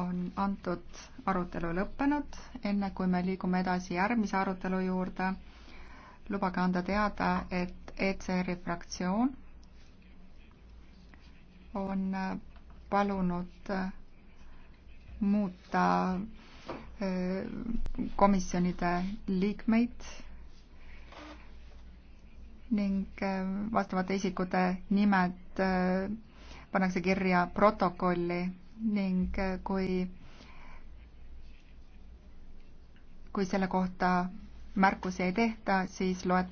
on antud arutelu lõppenud. enne kui me liigume edasi järgmise arutelu juurde, lubage anda teada, et ECR-i fraktsioon on palunud muuta äh, komisjonide liikmeid ning äh, vastavate isikute nimed äh, pannakse kirja protokolli ning äh, kui, kui selle kohta märkusi ei tehta, siis loetakse